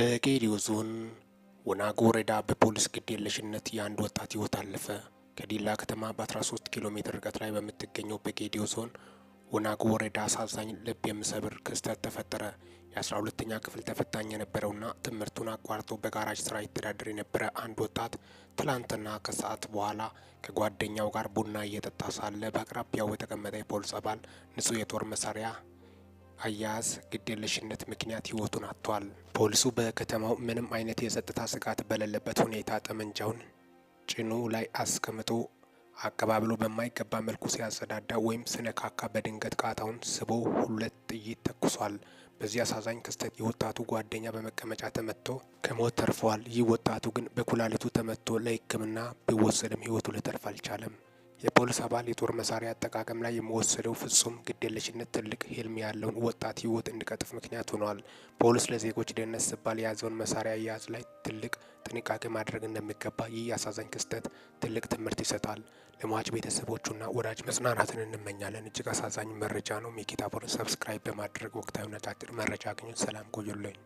በጌዲዮ ዞን ወናጎ ወረዳ በፖሊስ ግዴለሽነት የአንድ ወጣት ህይወት አለፈ። ከዲላ ከተማ በ13 ኪሎ ሜትር ርቀት ላይ በምትገኘው በጌዲዮ ዞን ወናጎ ወረዳ አሳዛኝ ልብ የሚሰብር ክስተት ተፈጠረ። የ12ኛ ክፍል ተፈታኝ የነበረውና ትምህርቱን አቋርጦ በጋራጅ ስራ ይተዳደር የነበረ አንድ ወጣት ትላንትና ከሰዓት በኋላ ከጓደኛው ጋር ቡና እየጠጣ ሳለ በአቅራቢያው የተቀመጠ የፖሊስ አባል ንጹህ የጦር መሳሪያ አያያዝ ግዴለሽነት ምክንያት ህይወቱን አጥቷል። ፖሊሱ በከተማው ምንም አይነት የጸጥታ ስጋት በሌለበት ሁኔታ ጠመንጃውን ጭኑ ላይ አስቀምጦ አቀባብሎ በማይገባ መልኩ ሲያጸዳዳ ወይም ስነካካ በድንገት ቃታውን ስቦ ሁለት ጥይት ተኩሷል። በዚህ አሳዛኝ ክስተት የወጣቱ ጓደኛ በመቀመጫ ተመትቶ ከሞት ተርፈዋል። ይህ ወጣቱ ግን በኩላሊቱ ተመትቶ ለሕክምና ቢወሰድም ህይወቱ ሊተርፍ አልቻለም። የፖሊስ አባል የጦር መሳሪያ አጠቃቀም ላይ የሚወሰደው ፍጹም ግዴለሽነት ትልቅ ህልም ያለውን ወጣት ህይወት እንዲቀጥፍ ምክንያት ሆኗል። ፖሊስ ለዜጎች ደህንነት ሲባል የያዘውን መሳሪያ አያያዝ ላይ ትልቅ ጥንቃቄ ማድረግ እንደሚገባ ይህ አሳዛኝ ክስተት ትልቅ ትምህርት ይሰጣል። ለሟች ቤተሰቦቹና ወዳጅ መጽናናትን እንመኛለን። እጅግ አሳዛኝ መረጃ ነው። ፖሊስ ሰብስክራይብ በማድረግ ወቅታዊ ነጫጭር መረጃ አግኙን። ሰላም ቆዩልኝ።